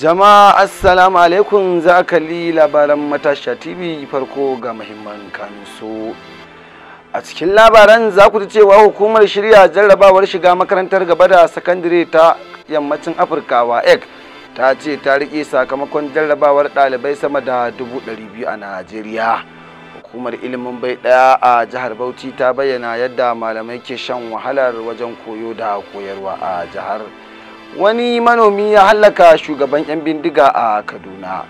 jama'a assalamu alaikum za a kalli labaran matasha tv farko ga muhimman kanso a cikin labaran za ku ji cewa hukumar shirya jarrabawar shiga makarantar gaba da sakandare ta yammacin afirka wa ec ta ce ta rike sakamakon jarrabawar ɗalibai sama da 200,000 a najeriya hukumar ilimin bai ɗaya a jihar bauchi ta bayyana yadda malamai ke shan wahalar wajen koyo da koyarwa a jihar. wani manomi ya hallaka shugaban 'yan bindiga a kaduna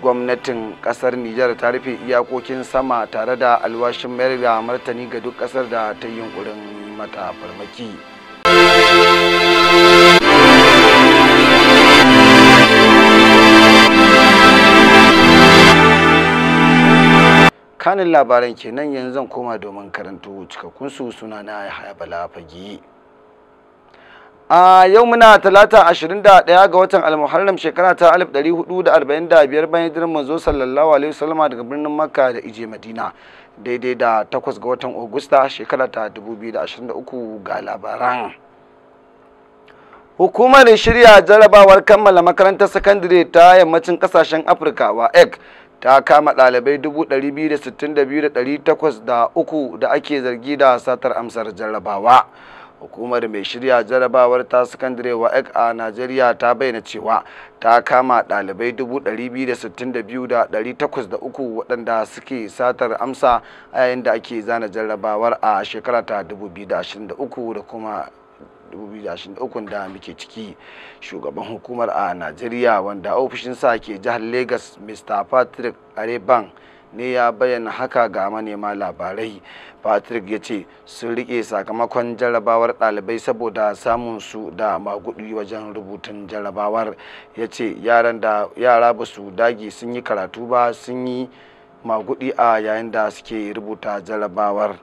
gwamnatin kasar nijar ta rufe iyakokin sama tare da alwashin mayar da martani ga duk kasar da ta yi yunkurin mata farmaki kanin labaran kenan yanzu zan koma domin karanto su suna na haya bala fagi a yau muna talata 21 ga watan almuharram shekara ta 1445 bayan hijirar manzo sallallahu alaihi wasallama daga birnin makka da ije madina daidai da 8 ga watan ogusta shekara ta 2023 ga labaran hukumar shirya jarabawar kammala makarantar sakandare ta yammacin kasashen afirka wa ec ta kama ɗalibai 262,803 da ake zargi da satar amsar jarrabawa. hukumar mai shirya jarabawar ta sakandare wa a najeriya ta bayyana cewa ta kama ɗalibai 262,803 waɗanda suke satar amsa a yayin da ake zana jarabawar a shekara ta 2023 da kuma 2023 da muke ciki shugaban hukumar a najeriya wanda ofishin sa ke jihar lagos mr patrick areban ne ya bayyana haka ga manema labarai patrick ya ce sun rike sakamakon jarabawar ɗalibai saboda samun su da magudi wajen rubutun jarabawar ya ce yaran da yara ba su dage sun yi karatu ba sun yi magudi a yayin da suke rubuta jarabawar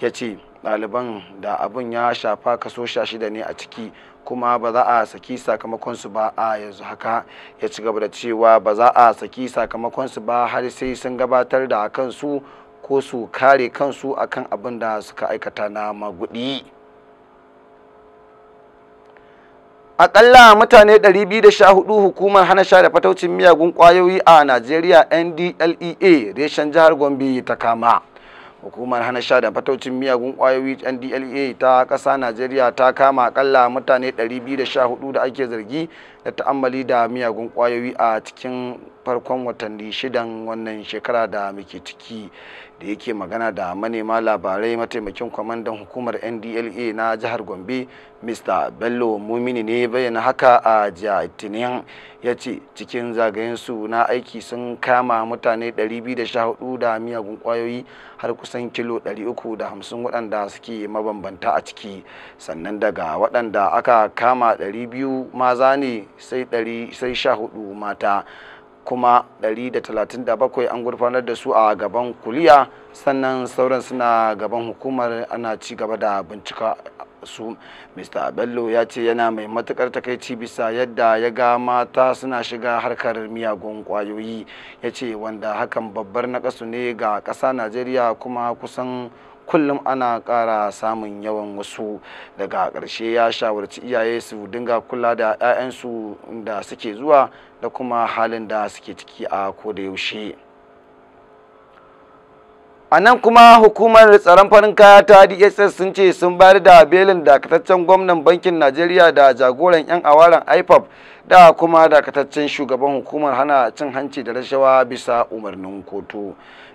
ya ce ɗaliban da abun ya shafa kaso sha shida ne a ciki kuma ba za a saki sakamakonsu ba a yanzu haka ya ci gaba da cewa ba za a saki sakamakonsu ba har sai sun gabatar da kansu ko su kare kansu akan abin da suka aikata na magudi akalla mutane 214 hukumar hana sha da fataucin miyagun kwayoyi a najeriya ndlea reshen jihar gombe ta kama hukumar hana sha da fataucin miyagun kwayoyi ndla ta ƙasa najeriya ta kama akalla mutane 214 da ake zargi da ta'ammali da miyagun kwayoyi a cikin farkon watanni shidan wannan shekara da muke ciki da yake magana da manema labarai mataimakin kwamandan hukumar ndla na jihar gombe mr bello mumini ne bayyana haka a jiya itinin ya ce cikin zagayen su na aiki sun kama mutane 214 da miyagun kwayoyi har kusan kilo 350 waɗanda suke mabambanta a ciki sannan daga waɗanda aka kama 200 maza ne sai dari sai sha hudu mata kuma da da talatin bakwai an gurfanar da su a gaban kuliya sannan sauran suna gaban hukumar ana ci gaba da bincika su mr Bello ya ce yana mai matukar takaici bisa yadda ya ga mata suna shiga harkar miyagun kwayoyi ya ce wanda hakan babbar nakasu ne ga ƙasa najeriya kuma kusan kullum ana ƙara samun yawan wasu daga ƙarshe ya shawarci iyaye su dinga kula da 'ya'yansu da suke zuwa da kuma halin da suke ciki a koda yaushe a nan kuma hukumar tsaron farin kaya ta dss sun ce sun bayar da belin dakataccen gwamnan bankin najeriya da jagoran 'yan awaran ipop da kuma dakataccen shugaban hukumar hana cin hanci da rashawa bisa umarnin kotu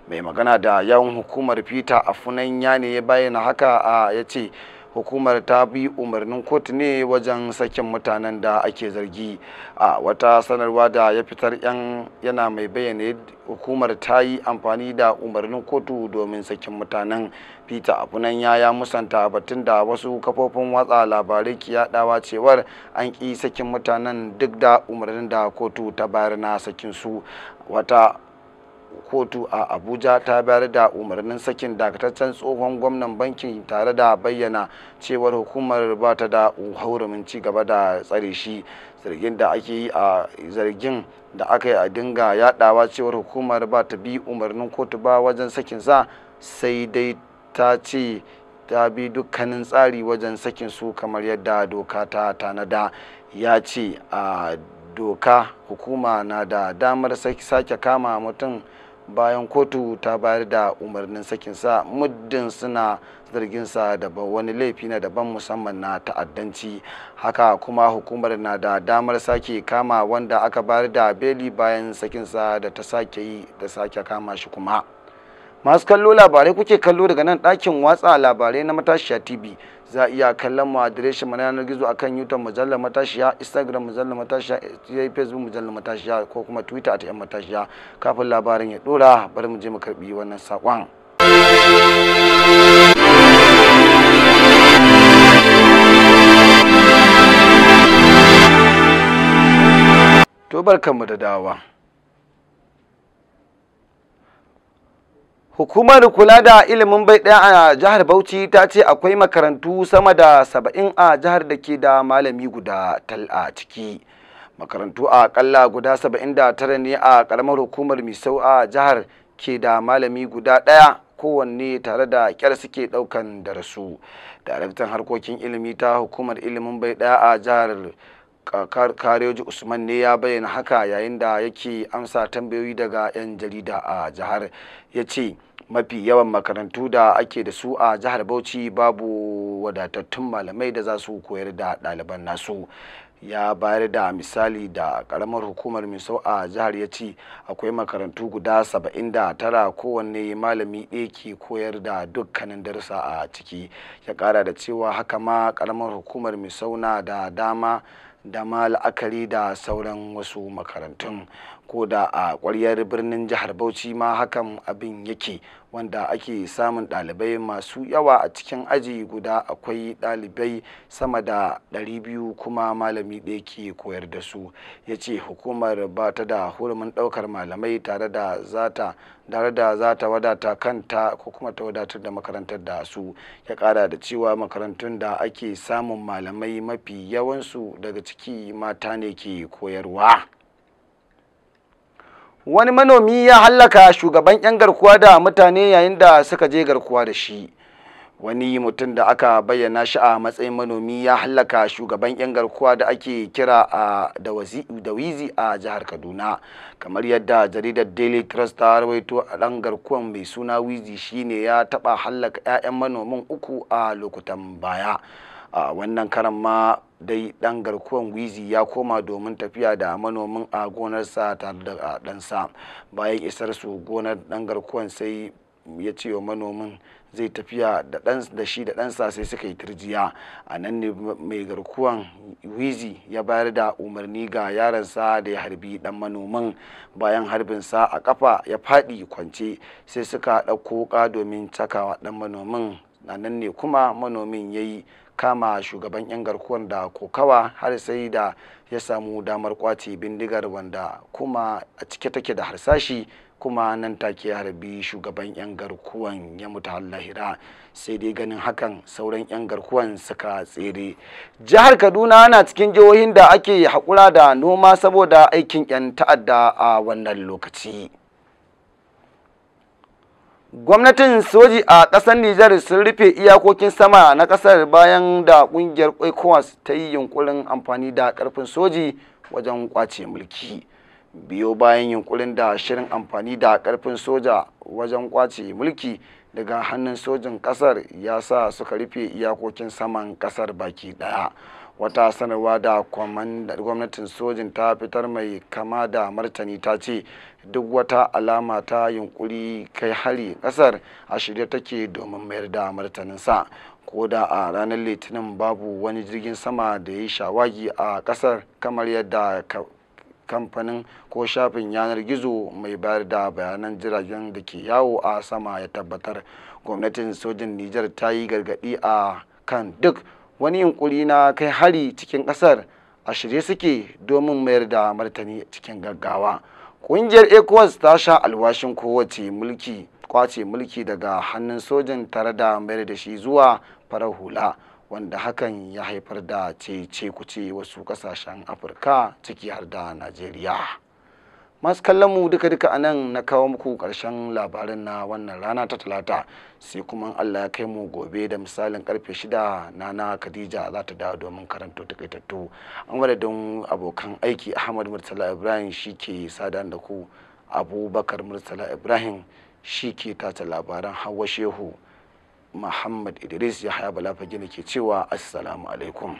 mai magana da yawon hukumar peter afunanya ne ya bayyana haka a ya ce hukumar ta bi umarnin kotu ne wajen sakin mutanen da ake zargi a wata sanarwa da ya fitar yan yana mai bayyana hukumar ta yi amfani da umarnin kotu domin sakin mutanen peter afunan ya musanta batun da wasu kafofin watsa labarai kiyaɗawa yadawa cewar an ki sakin mutanen duk da umarnin da kotu ta bayar na sakin su wata kotu a abuja ta bayar da umarnin sakin dakataccen tsohon gwamnan bankin tare da bayyana cewar hukumar ba ta da haurumin ci gaba da tsare shi zargin da ake yi a zargin da aka yi a dinga yadawa cewar hukumar ba ta bi umarnin kotu ba wajen sakin sa sai dai ta ce ta bi dukkanin tsari wajen sakin su kamar yadda doka ta tanada ya ce a doka hukuma na da damar sake kama mutum bayan kotu ta bayar da umarnin sakinsa muddin suna zarginsa da wani laifi na daban musamman na ta'addanci haka kuma hukumar na da damar sake kama wanda aka bayar da beli bayan sakinsa da ta sake yi da sake kama shi kuma masu kallo labarai kuke kallo daga nan ɗakin watsa labarai na matashiya tv za a iya kallon mu adireshin mu na yanar gizo akan youtube mujallar matashiya instagram mujallar matashiya eh, facebook mujallar matashiya ko kuma twitter at yan matashiya kafin labarin ya dora bari mu je mu karbi wannan saƙon. to barkanmu da dawa Hukumar kula da ilimin bai ɗaya a jihar Bauchi ta ce akwai makarantu sama da saba'in a jihar da ke da malami guda tal a ciki. Makarantu a ƙalla guda saba'in da tara ne a ƙaramar hukumar Misau a jihar ke da malami guda ɗaya kowanne tare da ƙyar suke ɗaukan darasu. Daraktan harkokin ilimi ta hukumar ilimin bai ɗaya a jihar kareji usman ne ya bayyana haka yayin da yake amsa tambayoyi daga 'yan jarida a jihar ya ce mafi yawan makarantu da ake da su a jihar bauchi babu wadatattun malamai da za su koyar da ɗaliban nasu ya bayar da misali da karamar hukumar misau a jihar ya ce akwai makarantu guda saba'in da tara kowanne malami ɗaya ke koyar da dukkanin darsa a ciki ya kara da cewa haka ma karamar hukumar misau na da dama da ma la'akari da sauran wasu makarantun ko da a ƙwaryar birnin jihar bauchi ma hakan abin yake wanda ake samun ɗalibai masu yawa a cikin aji guda akwai ɗalibai sama da 200 kuma malami ɗaya ke koyar da su ya ce hukumar ba ta da hurumin ɗaukar malamai tare da zata tare da za ta wadata kanta ko kuma ta wadatar da makarantar da su ya kara da cewa makarantun da ake samun malamai mafi yawansu daga ciki mata ne ke koyarwa wani manomi ya hallaka shugaban 'yan garkuwa da mutane yayin da suka je garkuwa da shi wani mutum da aka bayyana shi a matsayin manomi ya hallaka shugaban 'yan garkuwa da ake kira a da wizi a jihar kaduna kamar yadda jaridar daily trust ta rawaito a ɗan garkuwan mai suna wizi shine ya taɓa hallaka 'ya'yan manomin uku a lokutan baya a wannan karan ma dai dan garkuwan wizi ya koma domin tafiya da manomin a gonarsa tare da ɗansa bayan isar su gonar dan garkuwan sai ya ce wa manomin zai tafiya da shi da ɗansa sai suka yi turjiya a nan ne mai garkuwan wizi ya bayar da umarni ga yaransa da ya harbi ɗan manomin bayan harbinsa a kafa ya faɗi kwance sai suka ɗauko wuka domin cakawa ɗan manomin a nan ne kuma manomin ya yi kama shugaban 'yan garkuwan da kokawa har sai da ya samu damar kwace bindigar wanda kuma a cike take da harsashi kuma nan take ya harbi shugaban 'yan garkuwan ya mutu lahira sai dai ganin hakan sauran 'yan garkuwan suka tsere jihar kaduna na cikin jihohin da ake haƙura da noma saboda aikin 'yan ta'adda a wannan lokaci Gwamnatin soji a ƙasar Nijar sun rufe iyakokin sama na ƙasar bayan da ƙungiyar ECOWAS ta yi yunkurin amfani da ƙarfin soji wajen ƙwace mulki. Biyo bayan yunkurin da shirin amfani da ƙarfin soja wajen ƙwace mulki daga hannun sojin ƙasar ya sa suka rufe iyakokin saman ƙasar baki ɗaya. wata sanarwa da gwamnatin sojin ta fitar mai kama da martani ta ce duk wata alama ta yunkuri kai hari kasar a shirye take domin mayar da martaninsa ko da a ranar litinin babu wani jirgin sama da ya yi shawagi a kasar kamar yadda kamfanin ko shafin yanar gizo mai bayar da bayanan jiragen da ke yawo a sama ya tabbatar gwamnatin sojin nijar ta yi gargadi a kan duk wani yunkuri na kai hari cikin ƙasar a shirye suke domin mayar da martani cikin gaggawa ƙungiyar ecowas ta sha alwashin kowace mulki kwace mulki daga hannun sojin tare da mayar da shi zuwa farar hula wanda hakan ya haifar da ce ce kuce wasu kasashen afirka ciki har da najeriya masu kallon mu duka duka a nan na kawo muku karshen labarin na wannan rana ta talata sai kuma allah ya kai mu gobe da misalin karfe shida na na khadija za ta dawo domin karanto takaitattu an madadin abokan aiki ahmad murtala ibrahim shi ke sadan da ku abubakar murtala ibrahim shi ke tata labaran hawa shehu muhammad idris ya haya bala fagina ke cewa assalamu alaikum